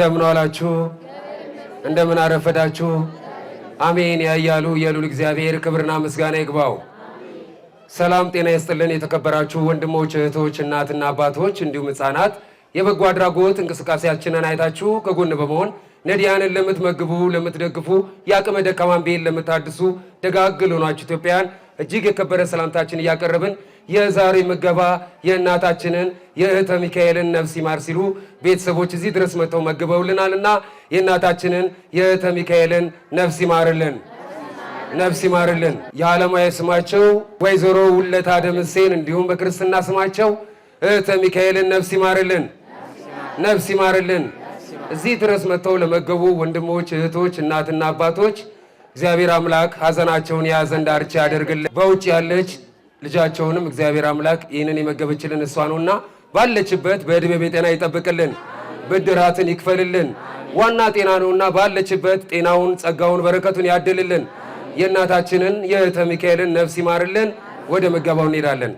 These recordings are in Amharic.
እንደምን ዋላችሁ? እንደምን አረፈዳችሁ? አሜን ያያሉ የሉል እግዚአብሔር ክብርና ምስጋና ይግባው። ሰላም ጤና ይስጥልን። የተከበራችሁ ወንድሞች፣ እህቶች፣ እናትና አባቶች እንዲሁም ሕፃናት የበጎ አድራጎት እንቅስቃሴያችንን አይታችሁ ከጎን በመሆን ነዲያንን ለምትመግቡ፣ ለምትደግፉ የአቅመ ደካማን ቤት ለምታድሱ ደጋግል ሆናችሁ ኢትዮጵያን እጅግ የከበረ ሰላምታችን እያቀረብን የዛሬ ምገባ የእናታችንን የእህተ ሚካኤልን ነፍስ ይማር ሲሉ ቤተሰቦች እዚህ ድረስ መጥተው መግበውልናልና የእናታችንን የእህተ ሚካኤልን ነፍስ ይማርልን ነፍስ ይማርልን። የዓለማዊ ስማቸው ወይዘሮ ውለታ ደምሴን እንዲሁም በክርስትና ስማቸው እህተ ሚካኤልን ነፍስ ይማርልን ነፍስ ይማርልን። እዚህ ድረስ መጥተው ለመገቡ ወንድሞች፣ እህቶች፣ እናትና አባቶች እግዚአብሔር አምላክ ሀዘናቸውን የሀዘን ዳርቻ ያደርግልን። በውጭ ያለች ልጃቸውንም እግዚአብሔር አምላክ ይህንን የመገበችልን እሷ ነውና ባለችበት በዕድሜ በጤና ይጠብቅልን፣ ብድራትን ይክፈልልን። ዋና ጤና ነውና ባለችበት ጤናውን፣ ጸጋውን፣ በረከቱን ያድልልን። የእናታችንን የእህተ ሚካኤልን ነፍስ ይማርልን። ወደ ምገባው እንሄዳለን።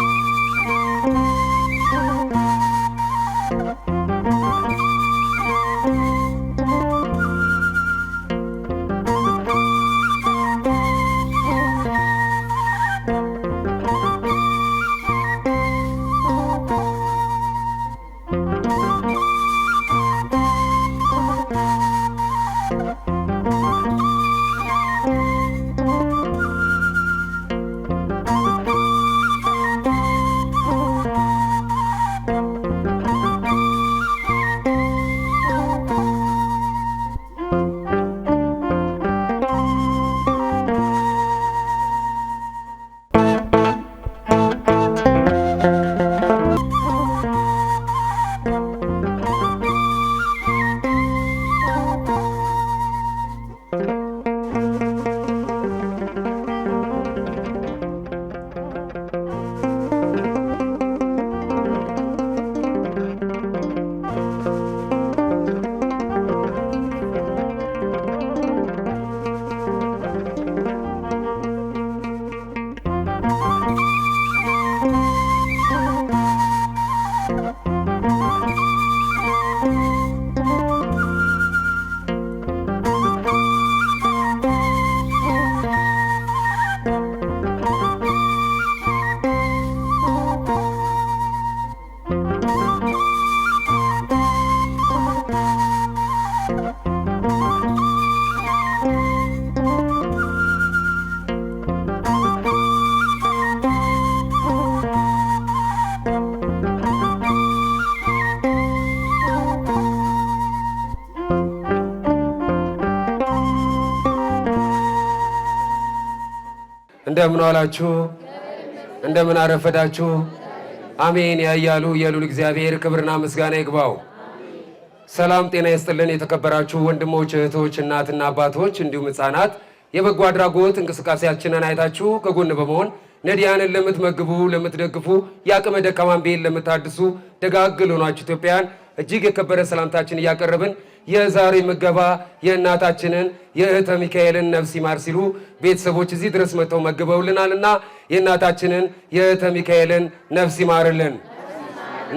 you እንደምን ዋላችሁ? እንደምን አረፈዳችሁ? አሜን ያያሉ የሉል እግዚአብሔር ክብርና ምስጋና ይግባው። ሰላም ጤና ይስጥልን። የተከበራችሁ ወንድሞች፣ እህቶች፣ እናትና አባቶች እንዲሁም ህፃናት የበጎ አድራጎት እንቅስቃሴያችንን አይታችሁ ከጎን በመሆን ነዲያንን ለምትመግቡ፣ ለምትደግፉ፣ የአቅመ ደካማን ቤት ለምታድሱ ደጋግል ሆናችሁ ኢትዮጵያን እጅግ የከበረ ሰላምታችን እያቀረብን የዛሬ ምገባ የእናታችንን የእህተ ሚካኤልን ነፍስ ይማር ሲሉ ቤተሰቦች እዚህ ድረስ መጥተው መግበውልናልና የእናታችንን የእህተ ሚካኤልን ነፍስ ይማርልን፣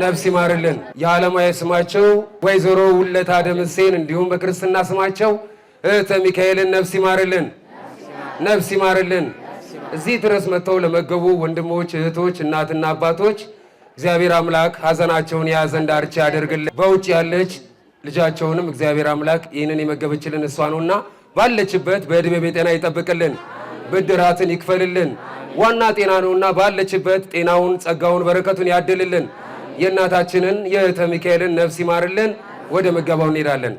ነፍስ ይማርልን። የዓለማዊ ስማቸው ወይዘሮ ውለታ ደምሴን እንዲሁም በክርስትና ስማቸው እህተ ሚካኤልን ነፍስ ይማርልን፣ ነፍስ ይማርልን። እዚህ ድረስ መጥተው ለመገቡ ወንድሞች፣ እህቶች፣ እናትና አባቶች እግዚአብሔር አምላክ ሀዘናቸውን የሀዘን ዳርቻ ያደርግልን። በውጭ ያለች ልጃቸውንም እግዚአብሔር አምላክ ይህንን የመገበችልን እሷ ነውና ባለችበት በእድሜ በጤና ይጠብቅልን፣ ብድራትን ይክፈልልን። ዋና ጤና ነውና ባለችበት ጤናውን፣ ጸጋውን፣ በረከቱን ያድልልን። የእናታችንን የእህተ ሚካኤልን ነፍስ ይማርልን። ወደ ምገባው እንሄዳለን።